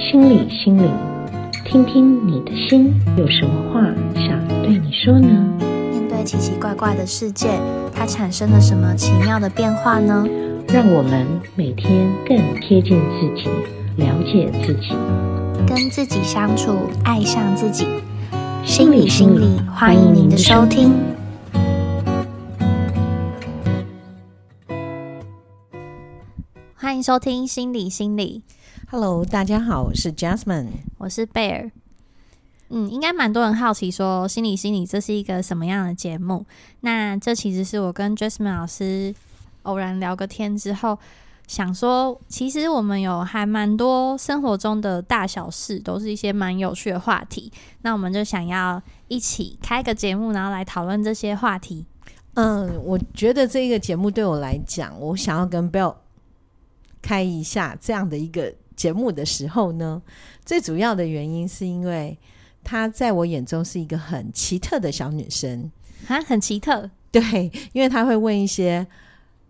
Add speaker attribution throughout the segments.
Speaker 1: 心理，心理，聽聽你的心有什麼話想對你說呢？面對奇奇怪怪的世界，它產生了什麼奇妙的變化呢？
Speaker 2: 讓我們每天更貼近自己，了解自己，
Speaker 1: 跟自己相處，愛上自己。心理，心理，歡迎您的收聽，歡迎收聽心理，心理。
Speaker 2: Hello，大家好，我是 Jasmine，
Speaker 1: 我是貝爾。嗯，應該蠻多人好奇說，心理心理這是一個什麼樣的節目？那這其實是我跟 Jasmine 老師偶然聊個天之後，想說，其實我們有還蠻多生活中的大小事，都是一些蠻有趣的話題。那我們就想要一起開個節目，然後來討論這些話題。嗯、呃，我覺
Speaker 2: 得這個節目對我來講，我想要跟 Bell 開一下這樣的一個。節目的時候呢，最主要的原因是因為她在我眼中是一個很奇特的小女生啊，很奇特。對，因為她會問一些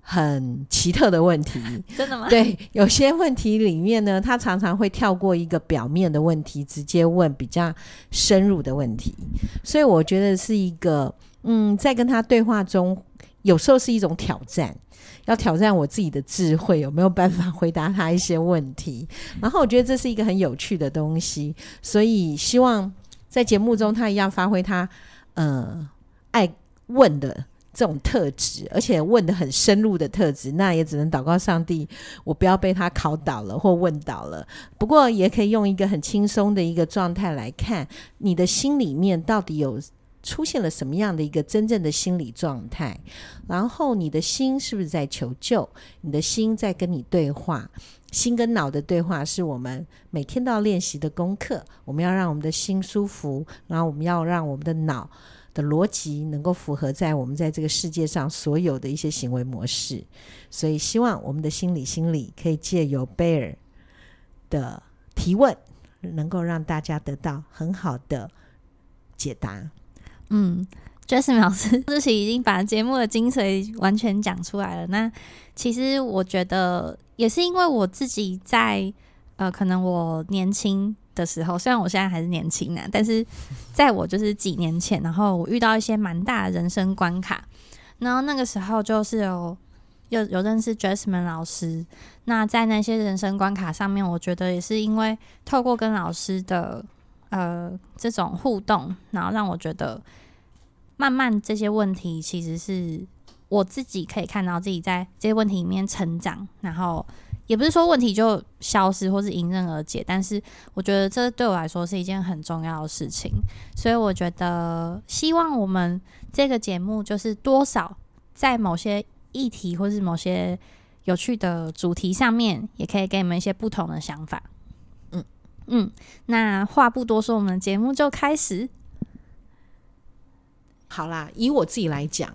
Speaker 2: 很奇特的問題， 真的嗎？對，有些問題裡面呢，她常常會跳過一個表面的問題，直接問比較深入的問題，所以我覺得是一個嗯，在跟她對話中。有時候是一種挑戰，要挑戰我自己的智慧有沒有辦法回答他一些問題。然後我覺得這是一個很有趣的東西，所以希望在節目中他一樣發揮他呃愛問的這種特質，而且問的很深入的特質。那也只能禱告上帝，我不要被他考倒了或問倒了。不過也可以用一個很輕鬆的一個狀態來看，你的心裡面到底有。出現了什麼樣的一個真正的心理狀態？然後你的心是不是在求救？你的心在跟你對話？心跟腦的對話是我們每天都要練習的功課。我們要讓我們的心舒服，然後我們要讓我們的腦的邏輯能夠符合在我們在這個世界上所有的一些行為模式。所以，希望我們的心理心理可以借由貝爾的提問，能夠讓大家得到很好的解答。
Speaker 1: 嗯，Jasmine 老師之前已經把節目的精髓完全講出來了。那其實我覺得也是因為我自己在呃，可能我年輕的時候，雖然我現在還是年輕呢，但是在我就是幾年前，然後我遇到一些蠻大的人生關卡。然後那個時候就是有有有認識 Jasmine 老師。那在那些人生關卡上面，我覺得也是因為透過跟老師的。呃，這種互動，然後讓我覺得，慢慢這些問題，其實是我自己可以看到自己在這些問題裡面成長。然後，也不是說問題就消失或是迎刃而解，但是我覺得這對我來說是一件很重要的事情。所以，我覺得希望我們這個節目，就是多少在某些議題或是某些有趣的主題上面，也可以給你們一些不同的想法。嗯，那話不多說，我們的節目就開始。好啦，以我自己來講，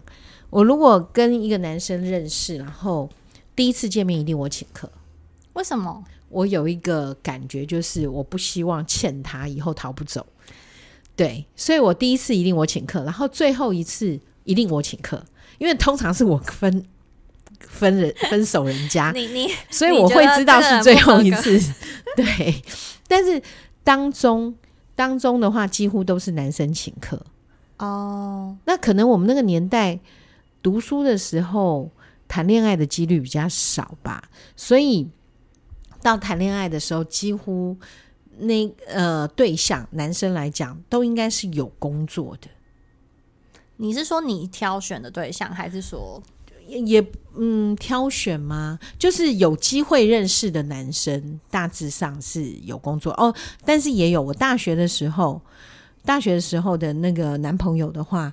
Speaker 1: 我如果跟一
Speaker 2: 個男生認識，然後第一次見面一定我請客。為什麼？我有一個感覺，就是我不希望欠他以後逃不走。對，所以我第一次一定我請客，然後最後一次一定我請客，因為通常是我分分人分手人家， 你，
Speaker 1: 你，所以我會知道是最後一次。
Speaker 2: 對。但是當中當中的話，幾乎都是男生請客哦。Oh. 那可能我們那個年代讀書的時候，談戀愛的幾率比較少吧，所以到談戀愛的時候，幾乎那呃對象男生來講，都應該是有工作的。
Speaker 1: 你是說你挑選的對象，還是說？也嗯，挑選嗎？
Speaker 2: 就是有機會認識的男生，大緻上是有工作哦。但是也有，我大學的時候，大學的時候的那個男朋友的話，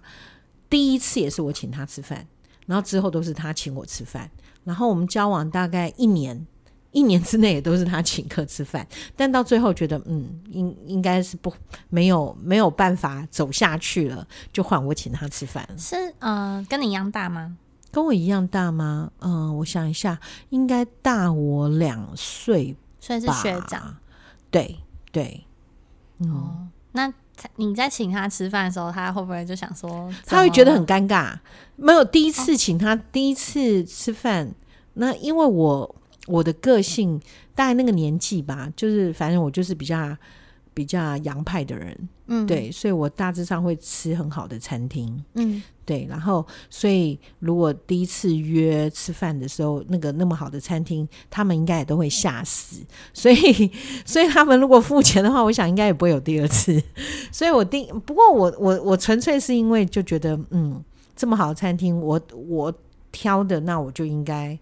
Speaker 2: 第一次也是我請他吃飯，然後之後都是他請我吃飯。然後我們交往大概一年，一年之內也都是他請客吃飯。但到最後覺得，嗯，應應該是不，沒有，沒有辦法走下去了，就換我請他吃飯。是
Speaker 1: 嗯，呃，跟你一樣大嗎？
Speaker 2: 跟我一樣大嗎？嗯、呃，我想一下，應該大我兩歲，
Speaker 1: 算是學長。
Speaker 2: 對對、
Speaker 1: 嗯，哦，那你在請他吃飯的時候，他會不會就想說？他會覺得很
Speaker 2: 尷尬。沒有第一次請他第一次吃飯、啊，那因為我我的個性大概那個年紀吧，就是反正我就是比較。比較洋派的人，嗯，
Speaker 1: 對，所
Speaker 2: 以我大致上會吃很好的餐廳，嗯，對，然後，所以如果第一次約吃飯的時候，那個那麼好的餐廳，他們應該也都會嚇死、嗯，所以，所以他們如果付錢的話，我想應該也不會有第二次，所以我訂，不過我我我純粹是因為就覺得，嗯，這麼好的餐廳，我我挑的，那我就應該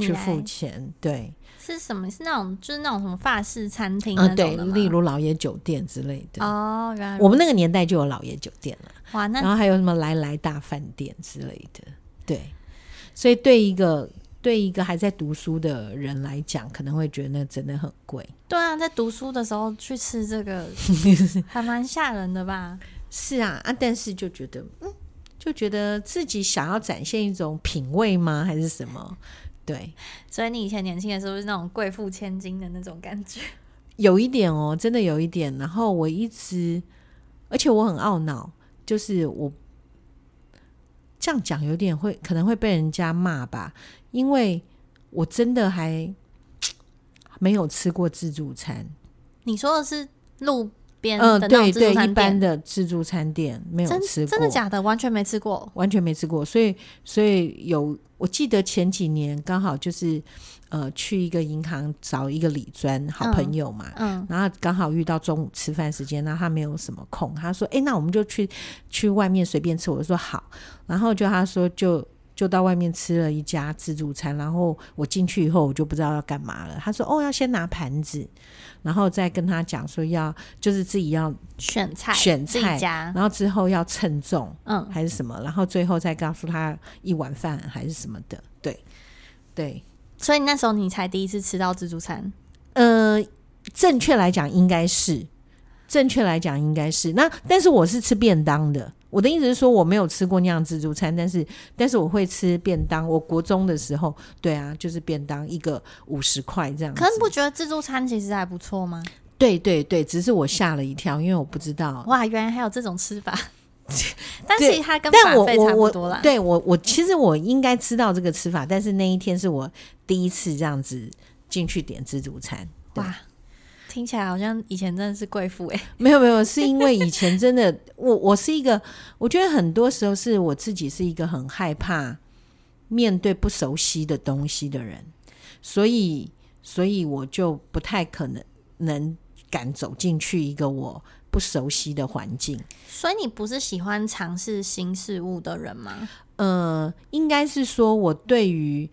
Speaker 2: 去付錢，對。
Speaker 1: 是什麼？是那種就是那種什麼法式餐廳啊、嗯。對，例
Speaker 2: 如老爺酒店之類的
Speaker 1: 哦。Oh, 原來我們
Speaker 2: 那個年代就有老爺酒店了。哇，那然後還有什麼來來大飯店之類的，對。所以對一個對一個還在讀書的人來講，可能會覺得那真的很貴。
Speaker 1: 對啊，在讀書的時候去吃這個， 還蠻嚇人的吧？
Speaker 2: 是啊，啊，但是就覺得、嗯，就覺得自己想要展現一種品味嗎？還是什麼？對，
Speaker 1: 所以你以前年輕的時候是那種貴婦千金的那種感覺，
Speaker 2: 有一點哦，真的有一點。然後我一直，而且我很懊惱，就是我這樣講有點會，可能會被人家罵吧，因為我真的還沒有吃過自助餐。
Speaker 1: 你說的是路？嗯，對對，一般
Speaker 2: 的自助餐店沒有吃過真，真的假
Speaker 1: 的？完全沒吃過，
Speaker 2: 完全沒吃過。所以，所以有，我記得前幾年剛好就是，呃，去一個銀行找一個理專好朋友嘛，嗯，嗯然後剛好遇到中午吃飯時間，那他沒有什麼空，他說，哎、欸，那我們就去去外面隨便吃，我就說好，然後就他說就。就到外面吃了一家自助餐，然後我進去以後，我就不知道要幹嘛了。他說：“哦，要先拿盤子，然後再跟他講說要就是自己要選菜、選菜，然後之後要稱重，嗯，還是什麼，然後最後再告訴他一碗飯還是
Speaker 1: 什麼的。”對、對，所以那時候你才第一次吃到自助餐。
Speaker 2: 呃，正確來講應該是，正確來講應該是，那但是我是吃便當的。我的意思是說，我沒有吃過那樣自助餐，但是但是我會吃便當。我國中的時候，對啊，就是便當一個五十塊這樣子。可是你
Speaker 1: 不覺得自助餐其實還不錯嗎？
Speaker 2: 對對對，只是我嚇了一跳，因為我不知道。
Speaker 1: 哇，原來還有這種吃法。 但是它跟多但我我我對
Speaker 2: 我我其實我應該知道這個吃法， 但是那一天是我第一次這樣子進去點自助餐，
Speaker 1: 哇。聽起來好像以前真的是貴婦誒？
Speaker 2: 沒有沒有，是因為以前真的 我我是一個，我覺得很多時候是我自己是一個很害怕面對不熟悉的東西的人，所以所以我就不太可能能敢走進去一個我不熟悉的環境，
Speaker 1: 所以你不是喜歡嘗試新事物的人嗎？
Speaker 2: 呃，應該是說我對於。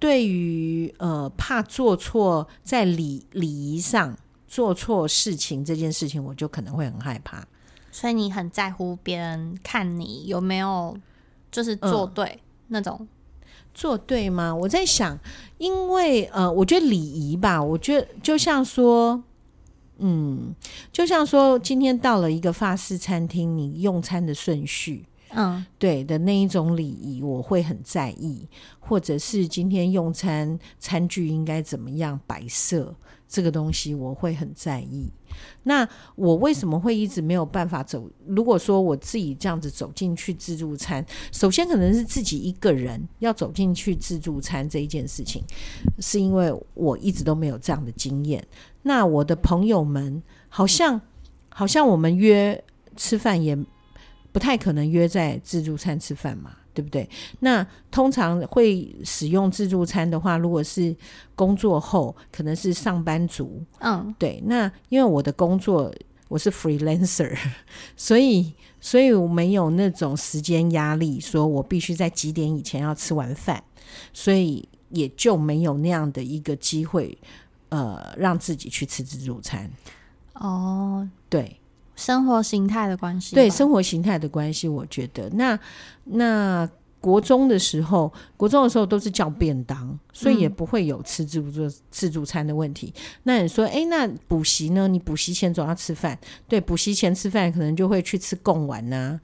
Speaker 2: 對於呃怕，做錯在禮禮儀上做錯事情這件事情，我就可能會很害怕。
Speaker 1: 所以你很在乎別人看你有沒有就是做對、嗯、那種
Speaker 2: 做對嗎？我在想，因為呃，我覺得禮儀吧，我覺得就像說，嗯，就像說今天到了一個法式餐廳，你用餐的順序。嗯，對的那一種禮儀我會很在意，或者是今天用餐餐具應該怎麼樣擺設，這個東西我會很在意。那我為什麼會一直沒有辦法走？如果說我自己這樣子走進去自助餐，首先可能是自己一個人要走進去自助餐這一件事情，是因為我一直都沒有這樣的經驗。那我的朋友們好像好像我們約吃飯也。不太可能約在自助餐吃飯嘛，對不對？那通常會使用自助餐的話，如果是工作後，可能是上班族，嗯，對。那因為我的工作我是 freelancer，所以所以我沒有那種時間壓力，說我必須在幾點以前要吃完飯，所以也就沒有那樣的一個機會，呃，讓自己去吃自助餐。
Speaker 1: 哦，
Speaker 2: 對。生活形態的
Speaker 1: 關係，對，生
Speaker 2: 活形態的關係。我覺得那那國中的時候，國中的時候都是叫便當，所以也不會有吃自助自助餐的問題。那你說，哎、欸，那補習呢？你補習前總要吃飯，對，補習前吃飯可能就會去吃貢丸吶、啊、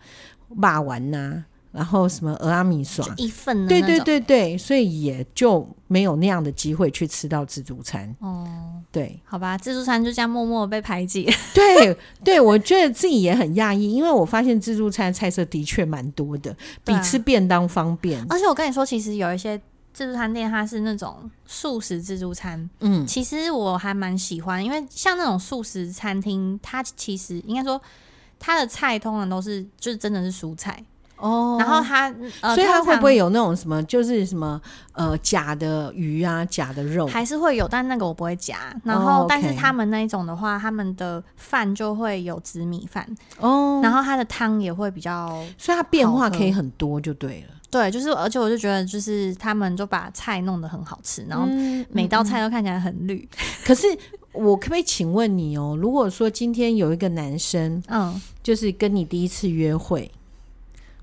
Speaker 2: 麻丸吶、啊。然後什麼蚵仔米酸，一
Speaker 1: 份的。對對對
Speaker 2: 對，所以也就沒有那樣的機會去吃到自助餐哦、嗯。對，
Speaker 1: 好吧，自助餐就這樣默默被排擠。
Speaker 2: 對 對，我覺得自己也很訝異，因為我發現自助餐菜色的確蠻多的、啊，比吃便當方便。而
Speaker 1: 且我跟你說，其實有一些自助餐店它是那種素食自助餐，嗯，其實我還蠻喜歡，因為像那種素食餐廳，它其實應該說它的菜通常都是就是真的是蔬菜。哦、oh,，然後他、呃，所以他會不會有
Speaker 2: 那種什麼，就是什麼，呃，假的魚啊，假的肉，還是
Speaker 1: 會有，但那個我不會夾。然後，oh, okay. 但是他們那一種的話，他們的飯就會有紫米飯。哦、oh,，然後他的湯也會比較，所以他變化可以很多，就對了。對，就是，而且我就覺得，就是他們就把菜弄得很好吃，然後每道菜都看起來很綠。嗯嗯、 可
Speaker 2: 是，我可不可以請問你哦、喔，如果說今天有一個男生，嗯，就是跟你第一次約會。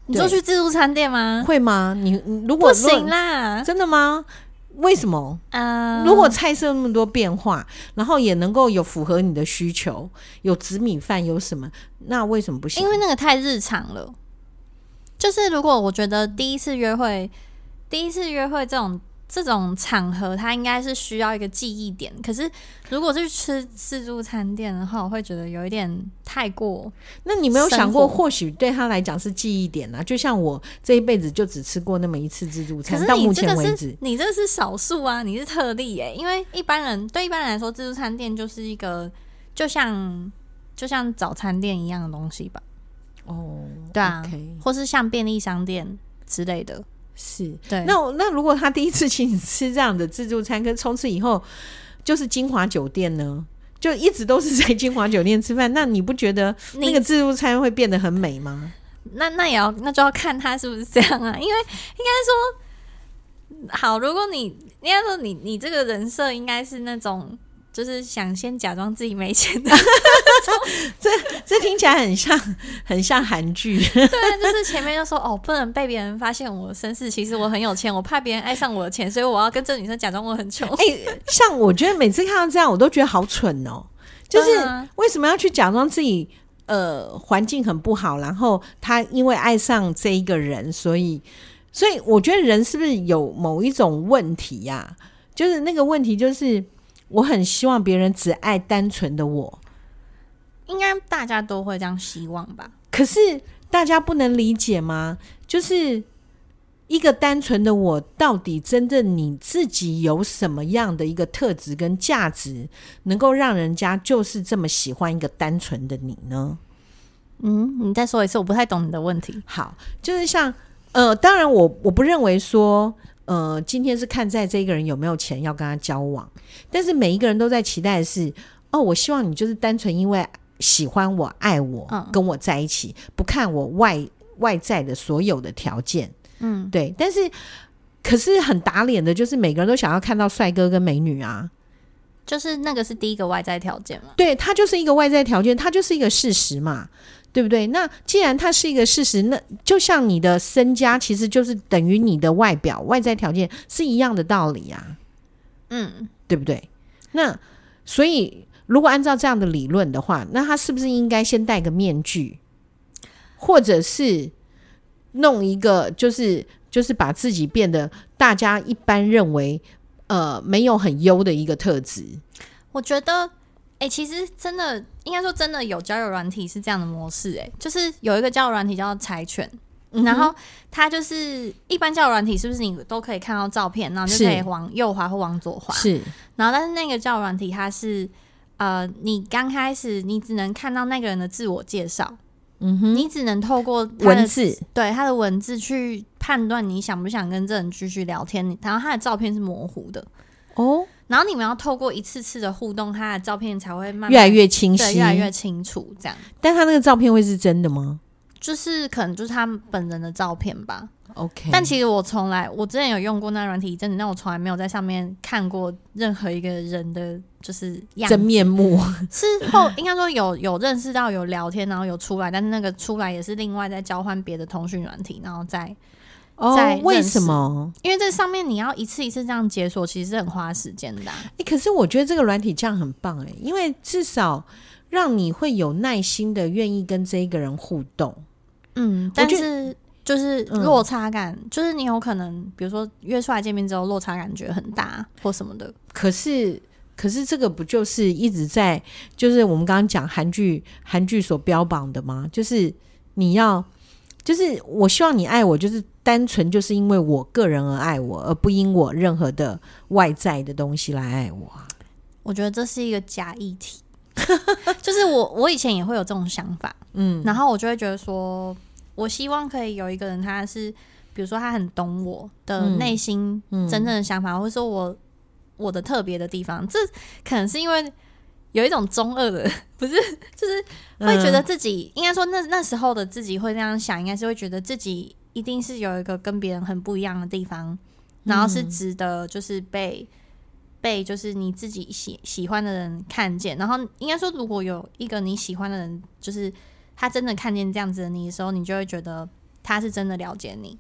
Speaker 1: 你就去自助餐店嗎？會嗎？你如果不行啦，
Speaker 2: 真的嗎？為什麼？啊、uh...，如果菜色那麼多變化，然後也能夠有符合你的需求，有紫米飯，有什麼？那為什麼不
Speaker 1: 行？因為那個太日常了。就是如果我覺得第一次約會，第一次約會這種。這種場合，他應該是需要一個記憶點。可是，如果是去吃自助餐店的話，我會覺得有一點太過。那你沒有想過，或
Speaker 2: 許對他來講是記憶點呢？就像我這一輩子就只吃過那麼一次自
Speaker 1: 助餐，可是你這個是，到目前為止，你這個是，你這個是少數啊，你是特例耶。因為一般人對一般人來說，自助餐店就是一個，就像就像早餐店一樣的東西吧。哦，對啊，或是像便利商店之類的。
Speaker 2: 是，對。那那如果他第一次請你吃這樣的自助餐，跟從此以後就是金華酒店呢，就一直都是在金華酒店吃飯，那你不覺得那個自助餐會變得很美嗎？
Speaker 1: 那那也要那就要看他是不是這樣啊，因為應該說，好，如果你應該說你你這個人設應該是那種。就是想先假裝自己沒錢的。
Speaker 2: 這、這這聽起來很像很像韓劇。
Speaker 1: 對，就是前面就說哦，不能被別人發現我身世，其實我很有錢，我怕別人愛上我的錢，所以我要跟這女生假裝我很窮。哎、欸，
Speaker 2: 像我覺得每次看到這樣，我都覺得好蠢哦、喔。就是為什麼要去假裝自己呃環境很不好？然後他因為愛上這一個人，所以所以我覺得人是不是有某一種問題呀、啊？就是那個問題就是。我很希望別人只愛單純的我，
Speaker 1: 應該大家都會這樣希望吧？
Speaker 2: 可是大家不能理解嗎？就是一個單純的我，到底真正你自己有什麼樣的一個特質跟價值，能夠讓人家就是這麼喜歡一個單純的你呢？嗯，你再說一次，我不太懂你的問題。好，就是像，呃，當然我我不認為說。呃，今天是看在這個人有沒有錢要跟他交往，但是每一個人都在期待的是，哦，我希望你就是單純因為喜歡我、愛我、嗯，跟我在一起，不看我外外在的所有的條件，嗯，對。但是，可是很打臉的，就是每個人都想要看到帥哥跟美女啊，
Speaker 1: 就是那個是第一個外在條件嘛？
Speaker 2: 對，它就是一個外在條件，它就是一個事實嘛。對不對？那既然它是一個事實，那就像你的身家其實就是等於你的外表，外在條件是一樣的道理呀、啊。嗯，
Speaker 1: 對不對？
Speaker 2: 那所以如果按照這樣的理論的話，那他是不是應該先戴個面具，或者是弄一個就是就是把自己變得大家一般認為呃沒有很優的一個特質？
Speaker 1: 我覺得。哎、欸，其實真的，應該說真的有交友軟體是這樣的模式，欸，哎，就是有一個交友軟體叫做柴犬、嗯，然後它就是一般交友軟體，是不是你都可以看到照片，然後就可以往右滑或往左滑，是。然後但是那個交友軟體，它是呃，你剛開始你只能看到那個人的自我介紹，嗯哼，你只能透過文字，對他的文字去判斷你想不想跟這人繼續聊天，然後他的照片是模糊的，哦。然後你們要透過一次次的互動，他的照片才會慢慢越來越清晰，對，越來越清楚這樣。但他那個照片
Speaker 2: 會是真的嗎？
Speaker 1: 就是可能就是他本人的照片吧。OK。但其實我從來我之前有用過那軟體真的，那我從來沒有在上面看過任何一個人的就是樣子、真面目。之後，應該說有有認識到有聊天，然後有出來，但是那個出來也是另外在交換別的通訊軟體，然後再。哦、oh，為什麼？因為這上面你要一次一次這樣解鎖，其實是很花時間的、啊
Speaker 2: 欸。可是我覺得這個軟體這樣很棒誒、欸，因為至少讓你會有耐心的願意跟這一個人互動。
Speaker 1: 嗯，但是就是落差感、嗯，就是你有可能，比如說約出來見面之後，落差感覺很大或什麼的。
Speaker 2: 可是，可是這個不就是一直在，就是我們剛剛講韓劇，韓劇所標榜的嗎？就是你要。就是我希望你愛我，就是單純就是因為我個人而愛我，而不因我任何的外在的東西來愛我。
Speaker 1: 我覺得這是一個假議題。 就是我我以前也會有這種想法，嗯，然後我就會覺得說，我希望可以有一個人，他是比如說他很懂我的內心真正的想法，嗯嗯、或者說我我的特別的地方。這可能是因為。有一種中二的，不是，就是會覺得自己、嗯、應該說那那時候的自己會這樣想，應該是會覺得自己一定是有一個跟別人很不一樣的地方，然後是值得就是被、嗯、被就是你自己喜喜歡的人看見，然後應該說如果有一個你喜歡的人，就是他真的看見這樣子的你的時候，你就會覺得他是真的了解你。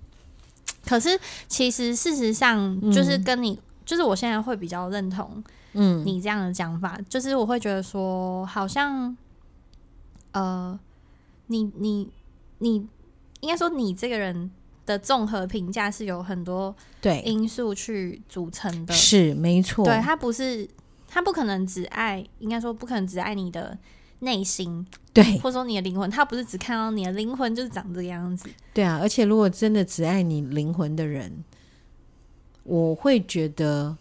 Speaker 1: 可是其實事實上就是跟你，嗯、就是我現在會比較認同。嗯，你這樣的講法，就是我會覺得說，好像，呃，你你你，應該說你這個人的綜合評價是有很多對因素去組成的，是
Speaker 2: 沒錯。對，他
Speaker 1: 不是，他不可能只愛，應該說不可能只愛你的內心，對，或者說你的靈魂，他不是只看到你的靈魂就是長這個樣子。
Speaker 2: 對啊，而且如果真的只愛你靈魂的人，我會覺得。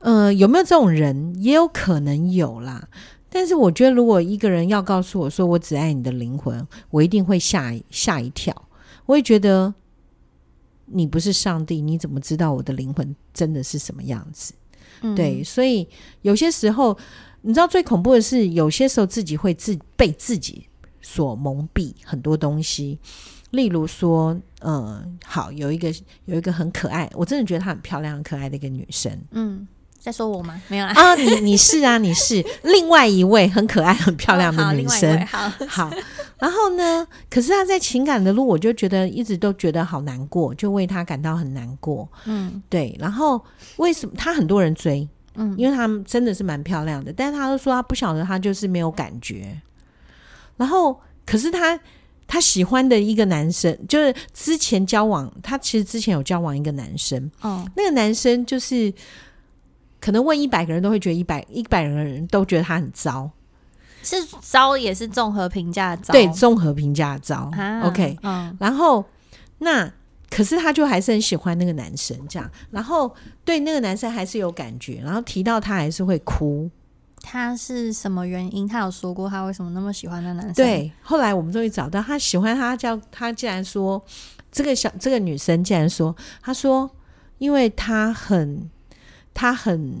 Speaker 2: 呃，有沒有這種人？也有可能有啦。但是我覺得，如果一個人要告訴我說“我只愛你的靈魂”，我一定會嚇一，嚇一跳。我也覺得你不是上帝，你怎麼知道我的靈魂真的是什麼樣子？嗯。對，所以有些時候，你知道最恐怖的是，有些時候自己會自被自己所蒙蔽很多東西。例如說，呃，好，有一個有一個很可愛，我真的覺得她很漂亮、很可愛的一個女生，嗯。
Speaker 1: 在說我嗎？沒有啊，你你
Speaker 2: 是啊，你是 另外一位很可愛、很漂亮的女生。哦，好。好，好。然後呢？可是他在情感的路，我就覺得一直都覺得好難過，就為他感到很難過。嗯，對。然後為什麼他很多人追？嗯，因為他真的是蠻漂亮的，嗯，但是他都說他不曉得，他就是沒有感覺。然後，可是他他喜歡的一個男生，就是之前交往，他其實之前有交往一個男生。哦，那個男生就是。可能問一百個人都會覺得，一百一百個人都覺得他很糟。
Speaker 1: 是糟也是綜合評價的糟，對，綜
Speaker 2: 合評價的糟，啊。OK，嗯，然後那可是他就還是很喜歡那個男生這樣，然後對那個男生還是有感覺，然後提到他還是會哭。
Speaker 1: 他是什麼原因？他有說過他為什麼那麼喜歡那男生？對，
Speaker 2: 後來我們終於找到他喜歡他，他叫他竟然說這個小，這個女生竟然說，他說因為他很。他很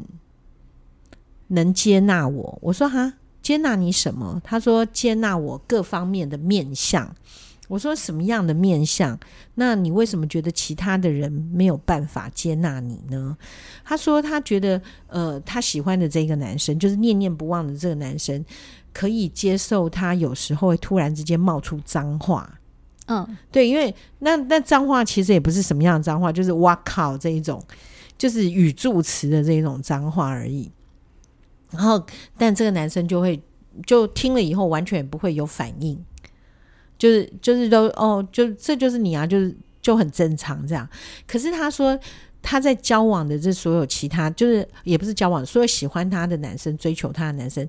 Speaker 2: 能接納我。我說：“哈，接納你什麼？”他說：“接納我各方面的面相。”我說：“什麼樣的面相？”那你為什麼覺得其他的人沒有辦法接納你呢？他說：“他覺得，呃，他喜歡的這個男生，就是念念不忘的這個男生，可以接受他有時候會突然之間冒出髒話。哦”嗯，對，因為那那髒話其實也不是什麼樣的髒話，就是“哇靠”這一種。就是語助詞的這種髒話而已，然後，但這個男生就會就聽了以後完全不會有反應，就是就是都哦，就這就是你啊，就是就很正常這樣。可是他說他在交往的這所有其他，就是也不是交往，所有喜歡他的男生、追求他的男生。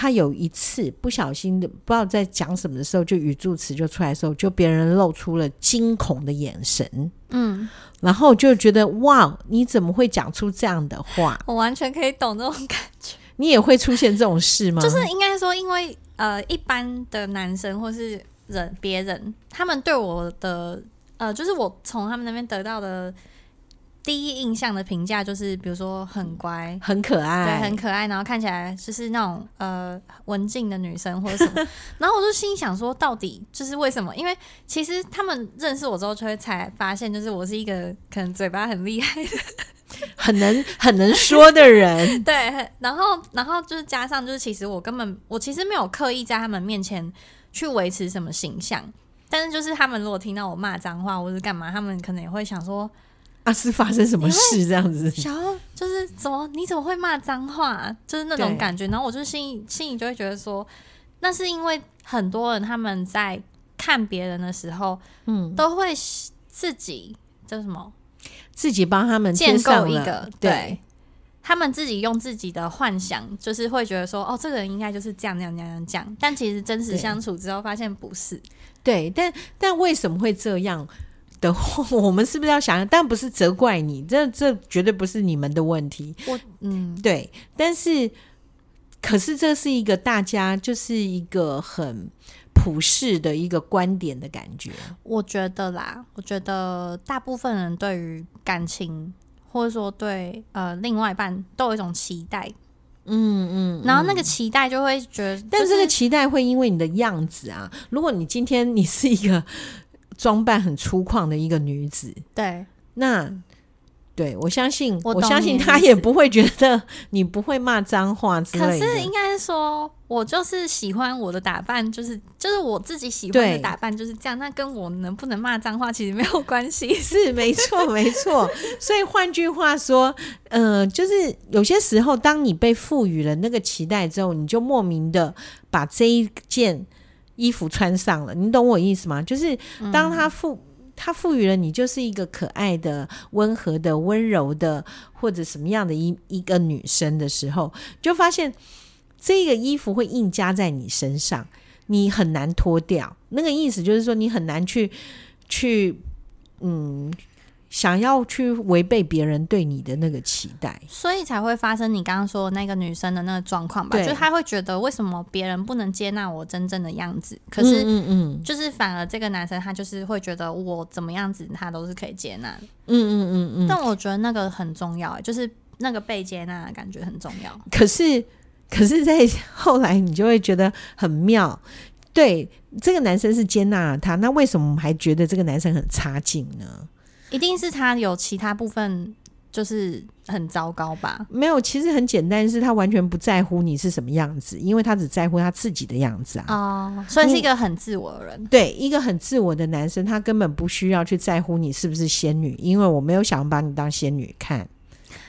Speaker 2: 他有一次不小心的不知道在講什麼的時候，就語助詞就出來的時候，就別人露出了驚恐的眼神，嗯，然後就覺得哇，你怎麼會講出這樣的話？
Speaker 1: 我完全可以懂這種感覺。
Speaker 2: 你也會出現這種事嗎？ 就是應
Speaker 1: 該說，因為呃，一般的男生或是人別人，他們對我的呃，就是我從他們那邊得到的。第一印象的評價就是，比如說很乖、很可愛，對，很可愛，然後看起來就是那種呃文靜的女生或者什麼。 然後我就心想說，到底就是為什麼？因為其實他們認識我之後，就會才發現，就是我是一個可能嘴巴很厲害、
Speaker 2: 很能很能說的人。
Speaker 1: 對，然後然後就是加上就是，其實我根本我其實沒有刻意在他們面前去維持什麼形象，但是就是他們如果聽到我罵髒話或者幹嘛，他們可能也會想說。
Speaker 2: 是發生什麼事這樣子？
Speaker 1: 就是怎麼？你怎麼會罵髒話啊？就是那種感覺。然後我就心裡心裡就會覺得說，那是因為很多人他們在看別人的時候，嗯，都會自己叫什麼？
Speaker 2: 自己幫他們建構一個。對，對
Speaker 1: 他們自己用自己的幻想，就是會覺得說，哦，這個人應該就是這樣、這樣、這樣、這樣。但其實真實相處之後，發現不是。對，
Speaker 2: 對但但為什麼會這樣？的話，我們是不是要想？但不是責怪你，這這絕對不是你們的問題。
Speaker 1: 我嗯，
Speaker 2: 對，但是可是這是一個大家就是一個很普世的
Speaker 1: 一個觀點的感覺。我覺得啦，我覺得大部分人對於感情，或者說對呃另外一半都有一種期待。嗯嗯，嗯，然後那個期待就會覺得、就是，但這個
Speaker 2: 期待會因為你的樣子啊，如果你今天你是一個。裝扮很粗獷的一個女子，對，那對，我相信我，我相信她也不會覺得你不會罵髒話之類。可是，應是，應
Speaker 1: 該說我就是喜歡我的打扮，就是就是我自己喜歡的打扮就是這樣。那跟我能不能罵髒話其實沒有關係，是沒錯沒
Speaker 2: 錯。 所以換句話說，嗯、呃，就是有些時候，當你被賦予了那個期待之後，你就莫名的把這一件。衣服穿上了，你懂我意思嗎？就是當他賦他賦予了你，就是一個可愛的、溫和的、溫柔的，或者什麼樣的一一個女生的時候，就發現這個衣服會硬加在你身上，你很難脫掉。那個意思就是說，你很難去去，嗯。想要去違背別人對你的那個期待，
Speaker 1: 所以才會發生你剛剛說的那個女生的那個狀況吧？對，就是、他會覺得為什麼別人不能接納我真正的樣子？是嗯，嗯嗯，可是就是反而這個男生他就是會覺得我怎麼樣子他都是可以接納。嗯嗯嗯嗯。但我覺得那個很重要欸，就是那個被接納的感覺很重要。
Speaker 2: 可是，可是在後來你就會覺得很妙。對，這個男生是接納了他，那為什麼還覺得這個男生很差勁呢？
Speaker 1: 一定是他有其他部分就是很糟糕吧？
Speaker 2: 沒有，其實很簡單，是他完全不在乎你是什麼樣子，因為他只在乎他自己的樣子啊。
Speaker 1: 哦，算是一個很自我的人。
Speaker 2: 對，一個很自我的男生，他根本不需要去在乎你是不是仙女，因為我沒有想要把你當仙女看。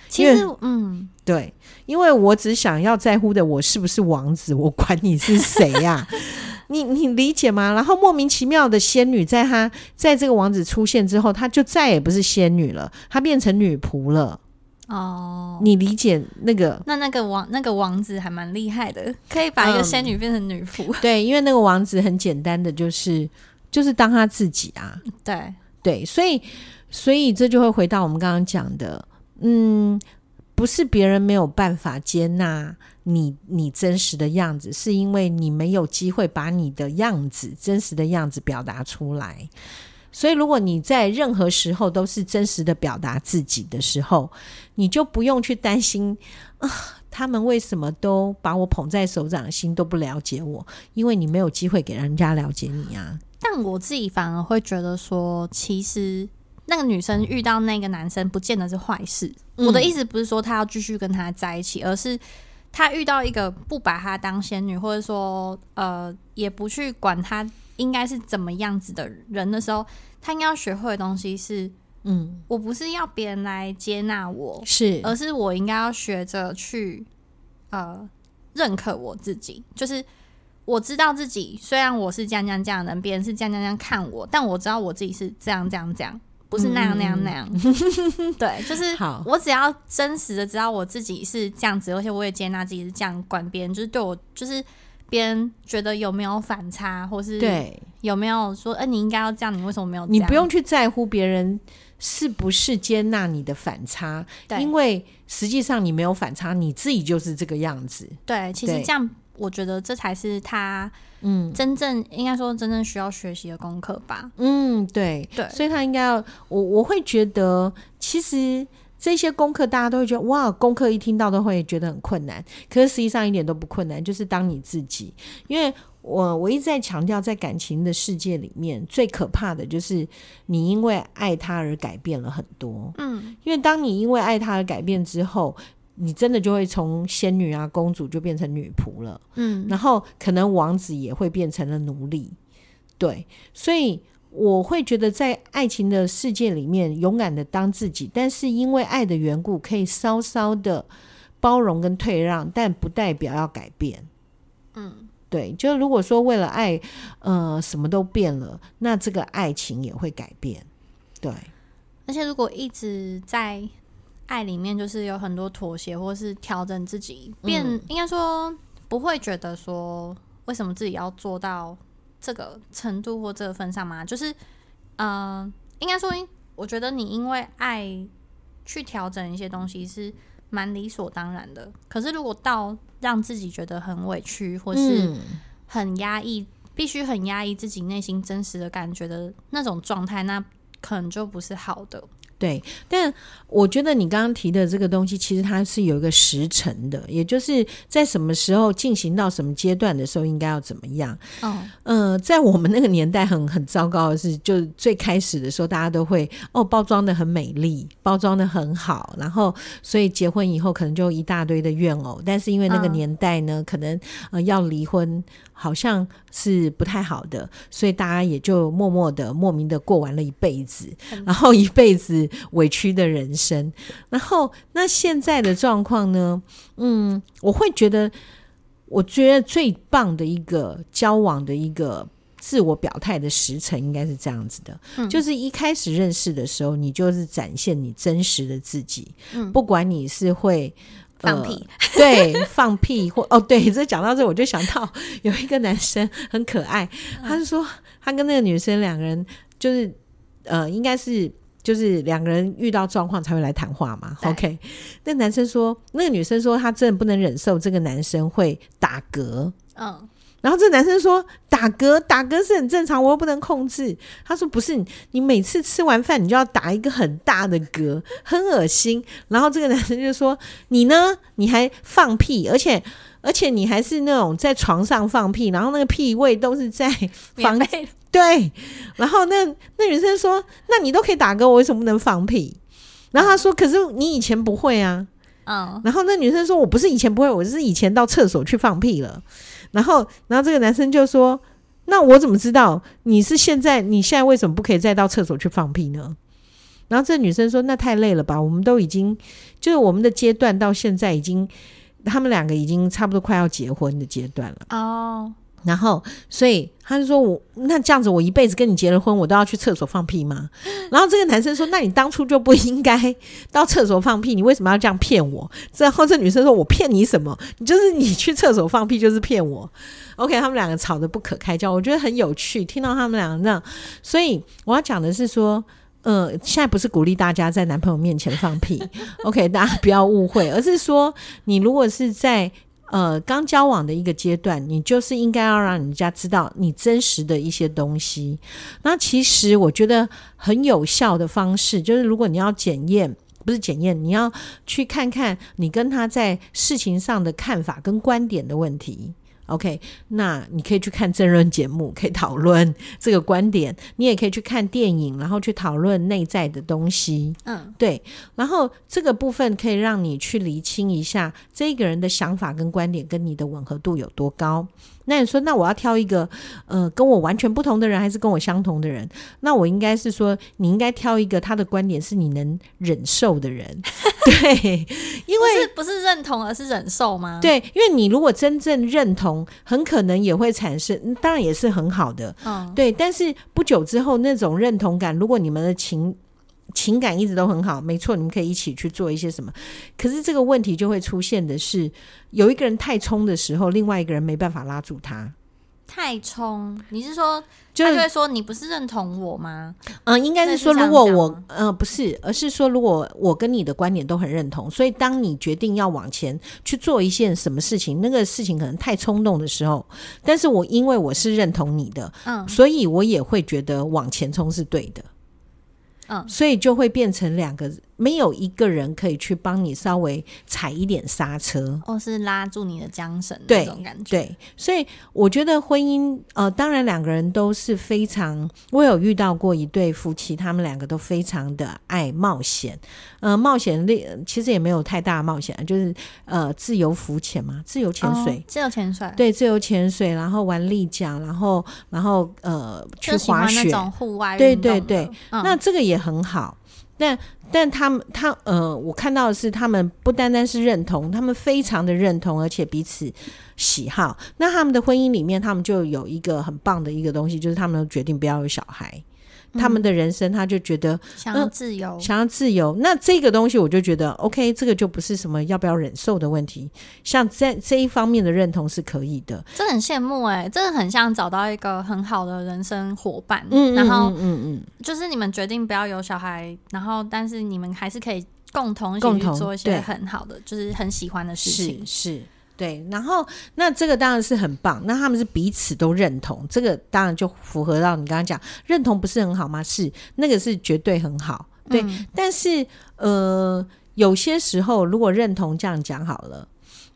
Speaker 1: 其實，嗯，
Speaker 2: 對，因為我只想要在乎的，我是不是王子，我管你是誰呀、啊。 你你理解嗎？然後莫名其妙的仙女在，在她在這個王子出現之後，她就再也不是仙女了，她變成女僕了。哦，你理解那個？
Speaker 1: 那那個王那個王子還蠻厲害的，可以把一個仙女變成女僕。嗯，
Speaker 2: 對，因為那個王子很簡單的，就是就是當他自己啊。對對，所以所以這就會回到我們剛剛講的，嗯。不是別人沒有辦法接納你，你真實的樣子，是因為你沒有機會把你的樣子、真實的樣子表達出來。所以，如果你在任何時候都是真實的表達自己的時候，你就不用去擔心啊、呃，他們為什麼都把我捧在手掌心，都不了解我？因為你沒有機會給人家了解你啊。
Speaker 1: 但我自己反而會覺得說，其實。那個女生遇到那個男生，不見得是壞事。嗯。我的意思不是說她要繼續跟他在一起，而是她遇到一個不把她當仙女，或者說呃，也不去管她應該是怎麼樣子的人的時候，她應該要學會的東西是：嗯，我不是要別人來接納我，是，而是我應該要學着去呃認可我自己。就是我知道自己，雖然我是這樣這樣這樣的人，人別人是這樣、這樣這樣看我，但我知道我自己是這樣這樣這樣。不是那樣那樣那樣 對，就是我只要真實的知道我自己是這樣子，而且我也接納自己是這樣管。管別人就是對我，就是別人覺得有沒有反差，或是對有沒有說，嗯、呃，你應該要這樣，你為什麼沒有這樣？你不用
Speaker 2: 去在乎別人是不是接納你的反差，因為實際上你沒有反差，你自己就是這個樣子。
Speaker 1: 對，其實這樣。我覺得這才是他，嗯，真正應該說真正需要學習的功課吧。嗯，
Speaker 2: 對，對，所以他應該要我，我會覺得其實這些功課大家都會覺得哇，功課一聽到都會覺得很困難，可是實際上一點都不困難，就是當你自己，因為我我一直在強調，在感情的世界裡面，最可怕的就是你因為愛他而改變了很多。嗯，因為當你因為愛他而改變之後。你真的就會從仙女啊、公主就變成女僕了，嗯，然後可能王子也會變成了奴隸，對，所以我會覺得在愛情的世界裡面，勇敢的當自己，但是因為愛的緣故，可以稍稍的包容跟退讓，但不代表要改變，嗯，對，就是如果說為了愛，呃，什麼都變了，那這個愛情也會改變，對，
Speaker 1: 而且如果一直在。愛裡面就是有很多妥協，或是調整自己，變應該說不會覺得說為什麼自己要做到這個程度或這個份上嘛，就是嗯、呃，應該說，我覺得你因為愛去調整一些東西是蠻理所當然的。可是如果到讓自己覺得很委屈，或是很壓抑，必須很壓抑自己內心真實的感覺的那種狀態，那可能就不是好的。對，但
Speaker 2: 我覺得你剛剛提的這個東西，其實它是有一個時辰的，也就是在什麼時候進行到什麼階段的時候，應該要怎麼樣。嗯、oh. 呃，在我們那個年代很，很很糟糕的是，就最開始的時候，大家都會哦包裝的很美麗，包裝的很好，然後所以結婚以後可能就一大堆的怨偶，但是因為那個年代呢，oh. 可能呃要離婚。好像是不太好的，所以大家也就默默的莫名的過完了一輩子，然後一輩子委屈的人生。然後那現在的狀況呢？嗯，我會覺得，我覺得最棒的一個交往的一個自我表態的時辰，應該是這樣子的，嗯。就是一開始認識的時候，你就是展現你真實的自己，嗯。不管你是會。放屁，呃、 放屁，對，放屁或哦，對，這講到這，我就想到有一個男生很可愛， 他就說他跟那個女生兩個人，就是呃，應該是就是兩個人遇到狀況才會來談話嘛。OK，那男生說，那個女生說，她真的不能忍受這個男生會打嗝。嗯、哦。然後這男生說，打嗝，打嗝是很正常，我又不能控制。他說，不是你，你每次吃完飯你就要打一個很大的嗝，很噁心。然後這個男生就說，你呢，你還放屁，而且而且你還是那種在床上放屁，然後那個屁味都是在房內。對。然後那那女生說，那你都可以打嗝，我為什麼不能放屁？然後他說，可是你以前不會啊。
Speaker 1: 哦，
Speaker 2: 然後那女生說，我不是以前不會，我是以前到廁所去放屁了。然後，然後這個男生就說：“那我怎麼知道你是現在？你現在為什麼不可以再到廁所去放屁呢？”然後這個女生說：“那太累了吧？我們都已經，就是我們的階段到現在已經，他們兩個已經差不多快要結婚的階段
Speaker 1: 了。”哦。
Speaker 2: 然後，所以他就說我那這樣子，我一輩子跟你結了婚，我都要去廁所放屁嗎？然後這個男生說，那你當初就不應該到廁所放屁，你為什麼要這樣騙我？然後這女生說，我騙你什麼？你就是你去廁所放屁就是騙我。OK，他們兩個吵得不可開交，我覺得很有趣，聽到他們兩個這樣。所以我要講的是說，呃，現在不是鼓勵大家在男朋友面前放屁 ，OK，大家不要誤會，而是說你如果是在。呃，剛交往的一個階段，你就是應該要讓人家知道你真實的一些東西。那其實我覺得很有效的方式，就是如果你要檢驗，不是檢驗，你要去看看你跟他在事情上的看法跟觀點的問題。OK，那你可以去看政論節目，可以討論這個觀點。你也可以去看電影，然後去討論內在的東西。嗯，對。然後這個部分可以讓你去釐清一下，這個人的想法跟觀點跟你的吻合度有多高。那你說，那我要挑一個，呃，跟我完全不同的人，還是跟我相同的人？那我應該是說，你應該挑一個他的觀點是你能忍受的人， 對，
Speaker 1: 因為不是，不是認同而是忍受嗎？對，
Speaker 2: 因為你如果真正認同，很可能也會產生，當然也是很好的，嗯，對。但是不久之後，那種認同感，如果你們的情情感一直都很好，沒錯，你們可以一起去做一些什麼。可是這個問題就會出現的是，有一個人太衝的時候，另外一個人沒辦法拉住他。
Speaker 1: 太衝？你是說，他就會說你不是認同我嗎？
Speaker 2: 嗯，應該是說，如果我，嗯、呃，不是，而是說，如果我跟你的觀點都很認同，所以當你決定要往前去做一件什麼事情，那個事情可能太衝動的時候，但是我因為我是認同你的，嗯，所以我也會覺得往前衝是對的。嗯，所以就會變成兩個。沒有一個人可以去幫你稍微踩一點剎車，
Speaker 1: 或、哦、是拉住你的韁繩那種感覺對。
Speaker 2: 對，所以我覺得婚姻，呃，當然兩個人都是非常，我有遇到過一對夫妻，他們兩個都非常的愛冒險。呃，冒險，其實也沒有太大冒險，就是呃，自由浮潛嘛，自由潛水，哦，
Speaker 1: 自由潛水，
Speaker 2: 對，自由潛水，然後玩立槳，然後，然後呃，去滑雪，那種戶
Speaker 1: 外，對對對，
Speaker 2: 嗯，那這個也很好。
Speaker 1: 那但他們，
Speaker 2: 他，呃，我看到的是，他們不單單是認同，他們非常的認同，而且彼此喜好。那他們的婚姻裡面，他們就有一個很棒的一個東西，就是他們都決定不要有小孩。他們的人生，嗯、他就覺得想要自由，嗯，想要自由。那這個東西，我就覺得，OK，這個就不是什麼要不要忍受的問題。像在這，這一方面的認同是可以的。
Speaker 1: 真很羨慕哎，真的很像找到一個很好的人生夥伴。嗯，然後嗯嗯，嗯，嗯，嗯，嗯，就是你們決定不要有小孩，然後但是你們還是可以共同共同做一些很好的，就是很喜歡的事情。是。是對，然
Speaker 2: 後那這個當然是很棒，那他們是彼此都認同，這個當然就符合到你剛剛講認同不是很好嗎？是那個是絕對很好，對。嗯、但是呃，有些時候如果認同這樣講好了，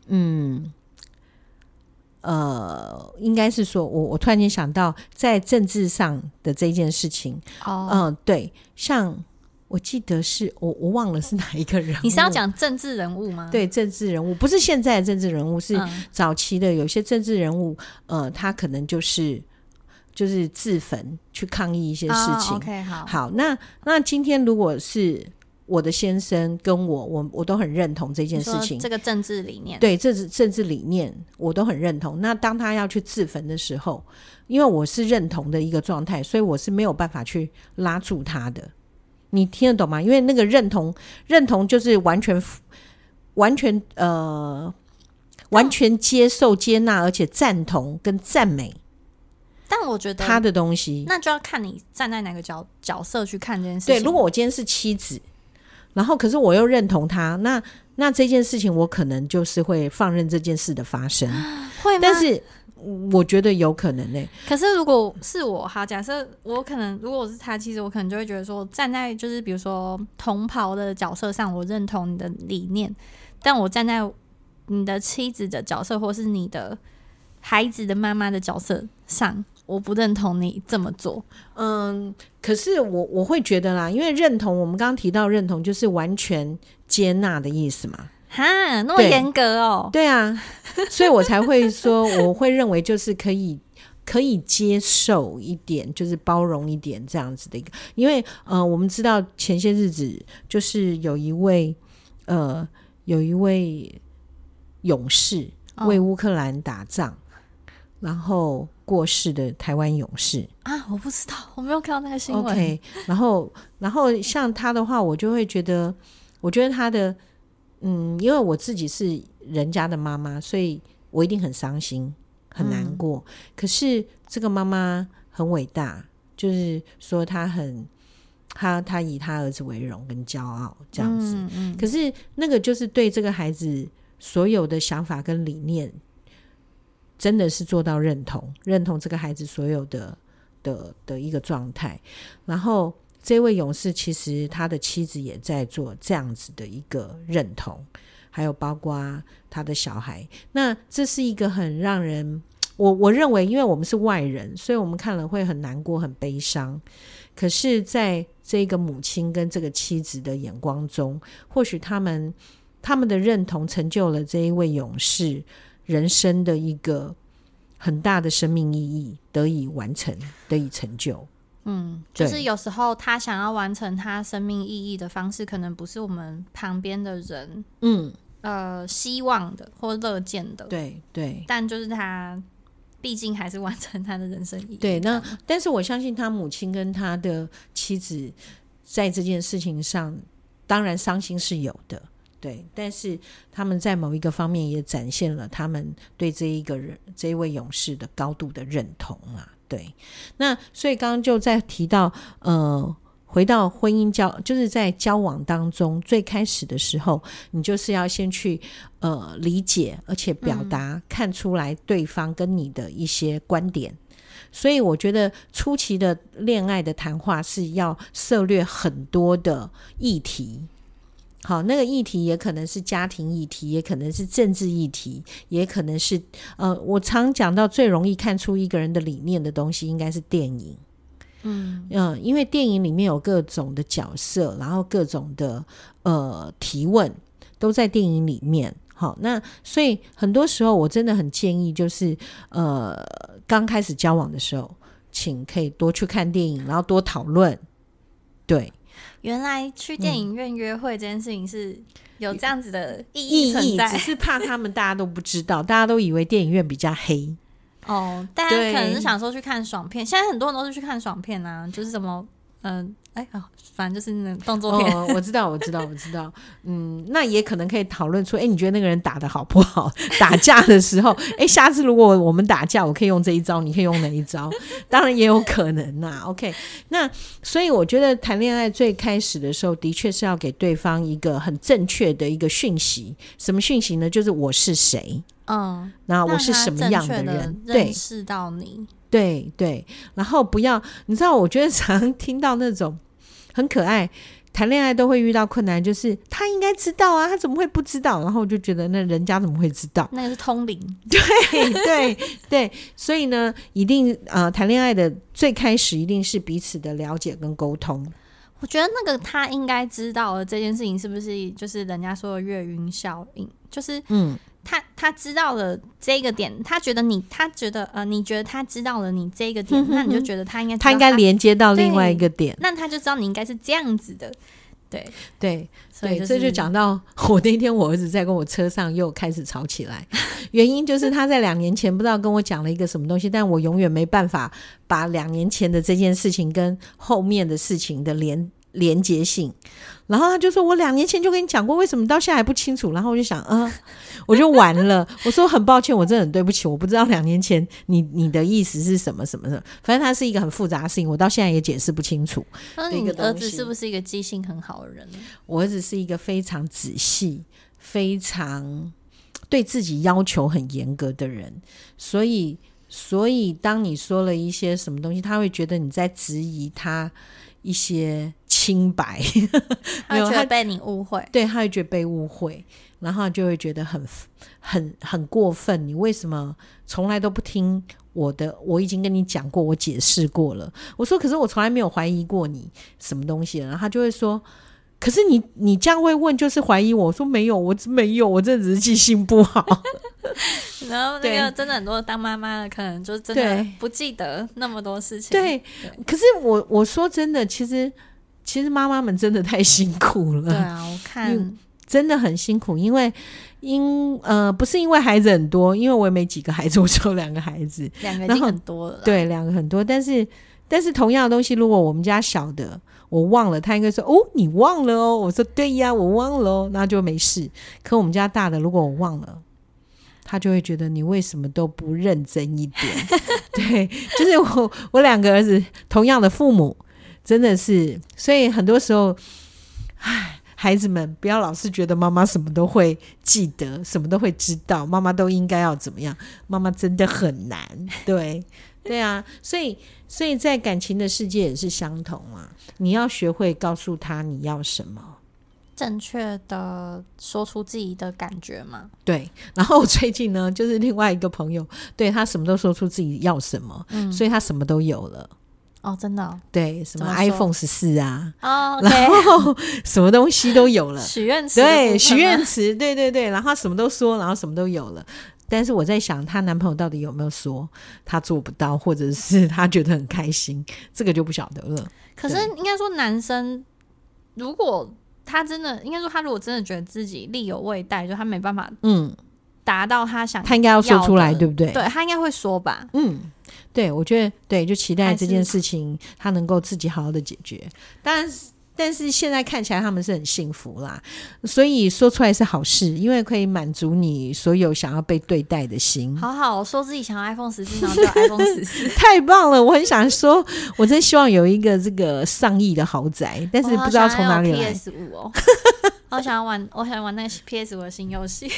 Speaker 2: 嗯，呃，應該是說我我突然間想到在政治上的這件事情，哦，嗯、呃，對，像。我記得是我我忘了是哪一個人、嗯。你是要講
Speaker 1: 政治人物嗎？對，
Speaker 2: 政治人物不是現在的政治人物，是早期的有些政治人物，嗯、呃，他可能就是就是自焚去抗議一些事情。哦、OK，
Speaker 1: 好，好，
Speaker 2: 那那今天如果是我的先生跟我，我我都很認同這件事情，這
Speaker 1: 個政治理念，對
Speaker 2: 政治政治理念，我都很認同。那當他要去自焚的時候，因為我是認同的一個狀態，所以我是沒有辦法去拉住他的。你聽得懂嗎？因為那個認同，認同就是完全、完全呃、哦、完全接受、接納，而且贊同跟讚美。
Speaker 1: 但我覺得他的
Speaker 2: 東西，那
Speaker 1: 就要看你站在哪個角角色去看這件事情。對，如果
Speaker 2: 我今天是妻子，然後可是我又認同他，那那這件事情我可能就是會放任這件事的發生，
Speaker 1: 會嗎？但是。我，
Speaker 2: 我覺得有可能呢，欸，
Speaker 1: 可是如果是我哈，假設我可能，如果我是他妻子，其實我可能就會覺得說，站在就是比如說同袍的角色上，我認同你的理念，但我站在你的妻子的角色，或是你的孩子的媽媽的角色上，我不認同你這麼做。嗯，可是我
Speaker 2: 我會覺得啦，因為認同，我們
Speaker 1: 剛剛提到認同，就是
Speaker 2: 完全接納的意思嘛。
Speaker 1: 哈，那麼嚴格哦、喔？對啊，所
Speaker 2: 以我才會說，我會認為就是可以 可以接受一點，就是包容一點這樣子的一個，因為呃，我們知道前些日子就是有一位呃、嗯，有一位勇士為烏克蘭打仗、哦，然後過世的台灣勇士。
Speaker 1: 啊，我不知道，我沒有看到那個新聞。Okay,
Speaker 2: 然後，然後像他的話，我就會覺得，我覺得他的。嗯，因為我自己是人家的媽媽，所以我一定很傷心、很難過。嗯、可是這個媽媽很偉大，就是說她很，她她以她兒子為榮跟驕傲這樣子、嗯嗯。可是那個就是對這個孩子所有的想法跟理念，真的是做到認同，認同這個孩子所有的的的一個狀態，然後。這位勇士其實他的妻子也在做這樣子的一個認同，還有包括他的小孩。那這是一個很讓人我我認為，因為我們是外人，所以我們看了會很難過、很悲傷。可是，在這個母親跟這個妻子的眼光中，或許他們他們的認同成就了這一位勇士人生的一個很大的生命意義，得以完成、得以成就。嗯，就是有
Speaker 1: 時候他想要完成他生命意義的方式，可能不是我們旁邊的人，嗯呃希望的或樂見的，對對。但就是他，畢竟還是完成他的人生意義。對，
Speaker 2: 那但是我相信他母親跟他的妻子在這件事情上，當然傷心是有的，對。但是他們在某一個方面也展現了他們對這一個人、這一位勇士的高度的認同啊。對，那所以剛剛就在提到，呃，回到婚姻交，就是在交往當中，最開始的時候，你就是要先去呃理解，而且表達，看出來對方跟你的一些觀點。嗯。所以我覺得初期的戀愛的談話是要涉略很多的議題。好，那個議題也可能是家庭議題，也可能是政治議題，也可能是呃，我常講到最容易看出一個人的理念的東西，應該是電影。嗯嗯，呃，因為電影裡面有各種的角色，然後各種的呃提問都在電影裡面。好，那所以很多時候我真的很建議，就是呃，剛開始交往的時候，請可以多去看電影，然後多討論。對。
Speaker 1: 原來去電影院約會這件事情是有這樣子的、嗯、意義存在，只是怕他們大
Speaker 2: 家都不知道， 大家都以為電影院比較黑
Speaker 1: 哦，大家可能是想說去看爽片，現在很多人都是去看爽片啊，就是什麼嗯。呃哎好、哦，反正就是那動作片，oh, 我知道，
Speaker 2: 我知道，我知道。嗯，那也可能可以討論出，哎，欸，你覺得那個人打得好不好？打架的時候，哎，欸，下次如果我們打架，我可以用這一招，你可以用哪一招？當然也有可能吶，啊。OK，那所以我覺得談戀愛最開始的時候，的確是要給對方一個很正確的一個訊息。什麼訊息呢？就是我是誰，嗯，那我是什麼樣的人？的認識到你，對對，對。然後不要，你知道，我覺得常聽到那種。很可愛，談戀愛都會遇到困難，就是他應該知道啊，他怎麼會不知道？然後我就覺得，那人家怎麼會知道？
Speaker 1: 那個、是通靈，
Speaker 2: 對對 對，所以呢，一定啊，談、呃、戀愛的最開始一定是彼此的了解跟溝通。
Speaker 1: 我覺得那個他應該知道的這件事情，是不是就是人家說的月暈效應？就是嗯。他他知道了這個點，他覺得你，他覺得呃，你覺得他知道了你這個點，那你就覺得他應該，他應該連接到另外一個點，那他就知道你應該是這樣子的，對對所以、就是、對，這就講到
Speaker 2: 我那天我兒子在跟我車上又開始吵起來，
Speaker 1: 原因就
Speaker 2: 是他在兩年前不知道跟我講了一個什麼東西， 但我永遠沒辦法把兩年前的這件事情跟後面的事情的連。連接性，然後他就說：“我兩年前就跟你講過，為什麼到現在還不清楚？”然後我就想，啊、呃，我就完了。 我說：“很抱歉，我真的很對不起，我不知道兩年前你你的意思是什麼什麼什麼。反正他是一個很複雜的事情，我到現在也解釋不清楚。
Speaker 1: 個”那你兒子是不是一個記性很好的人？
Speaker 2: 我兒子是一個非常仔細、非常對自己要求很嚴格的人，所以，所以當你說了一些什麼東西，他會覺得你在質疑他一些。清白， 他覺得被你誤會， 對，他覺得被誤會，然後就會覺得很很很過分。你為什麼從來都不聽我的？我已經跟你講過，我解釋過了。我說，可是我從來沒有懷疑過你什麼東西。然後他就會說，可是你你這樣會問，就是懷疑我。我說沒有，我真沒有，我這只是記性不好。 然後那
Speaker 1: 個真的很多當媽媽的，可能就真的不記得那麼多事情。對，對，
Speaker 2: 可是我我說真的，其實。其實媽媽們真的太辛苦了。嗯、對啊，我看真的很辛苦，因為因呃不是因為孩子很多，因為我也沒幾個孩子，我只有兩個孩子，兩個已經很多了。對，兩個很多，但是但是同樣的東西，如果我們家小的，我忘了，他應該說哦，你忘了哦。我說對呀、啊，我忘了哦，那就沒事。可我們家大的，如果我忘了，他就會覺得你為什麼都不認真一點？ 對，就是我我兩個兒子，同樣的父母。真的是，所以很多時候，唉，孩子們不要老是覺得媽媽什麼都會記得，什麼都會知道，媽媽都應該要怎麼樣？媽媽真的很難，對， 對啊。所以，所以在感情的世界也是相同啊。你要學會告訴他你要什麼，
Speaker 1: 正確的說出自己的感覺嘛。
Speaker 2: 對。然後最近呢，就是另外一個朋友，對，他什麼都說出自己要什麼，嗯。所以他什麼都有了。
Speaker 1: Oh, 哦，真的對，
Speaker 2: 什麼 iPhone 十四啊，哦
Speaker 1: ，oh, okay. 然後
Speaker 2: 什麼東西都有了。 許
Speaker 1: 願池，對，許願
Speaker 2: 池，對對對，然後什麼都說，然後什麼都有了。但是我在想，她男朋友到底有沒有說他做不到，或者是他覺得很開心，這個就不曉得了。
Speaker 1: 可是應該說，男生如果他真的，應該說他如果真的覺得自己力有未逮，就他沒辦法，嗯，達到他想要、嗯，他應該要說出來，對不對？對他應該會說吧，嗯。
Speaker 2: 對，我覺得對，就期待這件事情他能夠自己好好的解決。但是但是現在看起來他們是很幸福啦，所以說出來是好事，因為可以滿足你所有想要被對待的心。
Speaker 1: 好好我說自己想要 iPhone 十四，然後就要 iPhone 十
Speaker 2: 四，太棒了！我很想說，我真希望有一個這個上億的豪宅，但是不知道從哪裡來。PS
Speaker 1: 五哦， 我想要玩，我想要玩那個 PS 五的新遊戲。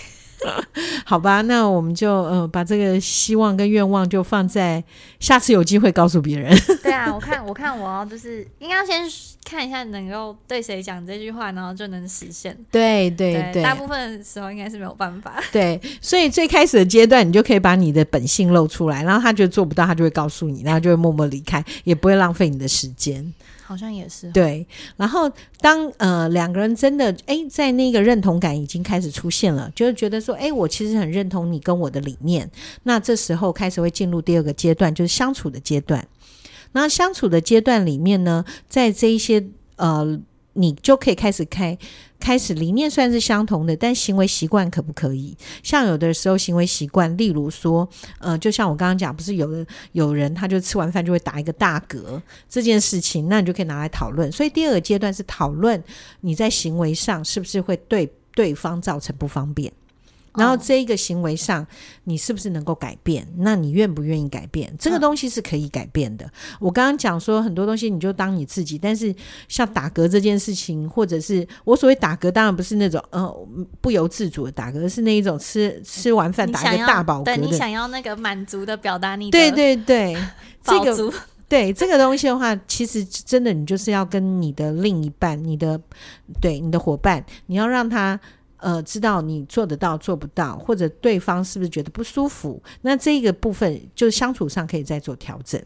Speaker 2: 嗯、好吧，那我們就呃把這個希望跟願望就放在下次有機會告訴別人。
Speaker 1: 對啊，我看我看我就是應該要先看一下能夠對誰講這句話，然後就能實現。對對對，大部分的時候應該是沒有辦法。
Speaker 2: 對，所以最開始的階段，你就可以把你的本性露出來，然後他覺得做不到，他就會告訴你，然後就會默默離開，也不會浪費你的時間。
Speaker 1: 好像也是對。
Speaker 2: 然後當呃兩個人真的誒、欸，在那個認同感已經開始出現了，就是覺得說誒、欸，我其實很認同你跟我的理念，那這時候開始會進入第二個階段，就是相處的階段。那相處的階段裡面呢，在這一些呃，你就可以開始開。開始理念雖然是相同的，但行為習慣可不可以？像有的時候行為習慣，例如說，呃，就像我剛剛講，不是有的有人他就吃完飯就會打一個大嗝這件事情，那你就可以拿來討論。所以第二個階段是討論你在行為上是不是會對對方造成不方便。然後這一個行為上、哦，你是不是能夠改變？那你願不願意改變？這個東西是可以改變的。嗯、我剛剛講說很多東西你就當你自己，但是像打嗝這件事情，或者是我所謂打嗝，當然不是那種呃不由自主的打嗝，而是那一種吃吃完飯打一個大飽嗝。你想
Speaker 1: 要那個滿足的表達你的，對對
Speaker 2: 對，飽足這個對這個東西的話，其實真的你就是要跟你的另一半，你的對你的夥伴，你要讓他。呃，知道你做得到做不到，或者對方是不是覺得不舒服？那這個部分就相處上可以再做調整。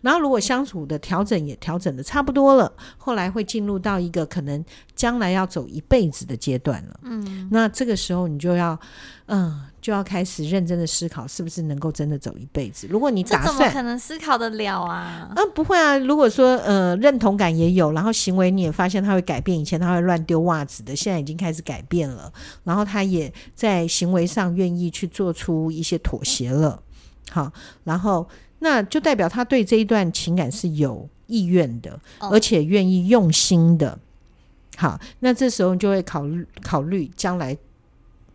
Speaker 2: 然後，如果相處的調整也調整得差不多了，後來會進入到一個可能將來要走一輩子的階段
Speaker 1: 了。嗯，那
Speaker 2: 這個時候你就要，嗯。就要開始認真的思考，是不是能夠真的走一輩子？如果你打算這怎
Speaker 1: 麼可能思考得了啊？
Speaker 2: 啊，不會啊！如果說呃，認同感也有，然後行為你也發現他會改變，以前他會亂丟襪子的，現在已經開始改變了，然後他也在行為上願意去做出一些妥協了。嗯、好，然後那就代表他對這一段情感是有意願的，哦、而且願意用心的。好，那這時候你就會考慮考慮將來。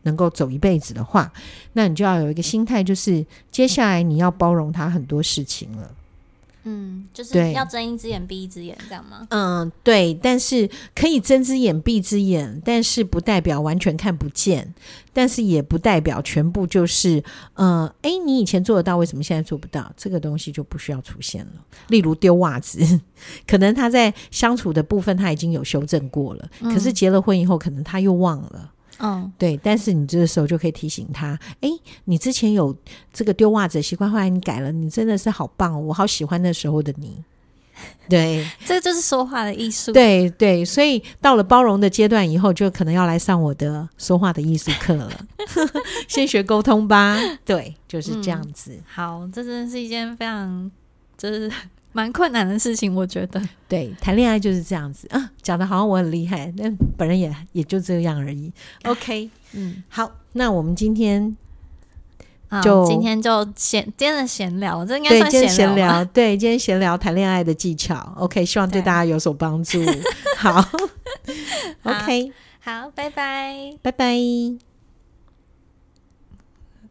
Speaker 2: 能夠走一輩子的話，那你就要有一個心態，就是接下來你要包容他很多事情了。
Speaker 1: 嗯，就是要睜一隻眼閉一隻眼，這
Speaker 2: 樣嗎？嗯，對。但是可以睜隻眼閉隻眼，但是不代表完全看不見，但是也不代表全部就是，嗯、呃，哎、欸，你以前做得到，為什麼現在做不到？這個東西就不需要出現了。例如丟襪子，可能他在相處的部分他已經有修正過了，可是結了婚以後，可能他又忘了。嗯嗯，對，但是你這個時候就可以提醒他，哎、欸，你之前有這個丟襪子的習慣，後來你改了，你真的是好棒，哦，我好喜歡那時候的你。對，
Speaker 1: 這就是說話的藝術。對
Speaker 2: 對，所以到了包容的階段以後，就可能要來上我的說話的藝術課了。 先學溝通吧，對，就是這樣子。
Speaker 1: 嗯、好，這真的是一件非常就是。蠻困難的事
Speaker 2: 情，我覺得。對，談戀愛就是這樣子啊，嗯，講得好像我很厲害，但本人也也就這樣而已。
Speaker 1: OK，、啊、嗯，
Speaker 2: 好，那我們今天就、哦、今天就先今天
Speaker 1: 的閒聊，這應該算閒聊，今天閒聊。
Speaker 2: 對，今天閒聊談戀愛的技巧。OK，希望對大家有所幫助。好，
Speaker 1: 好，OK，好，好，拜拜，拜拜。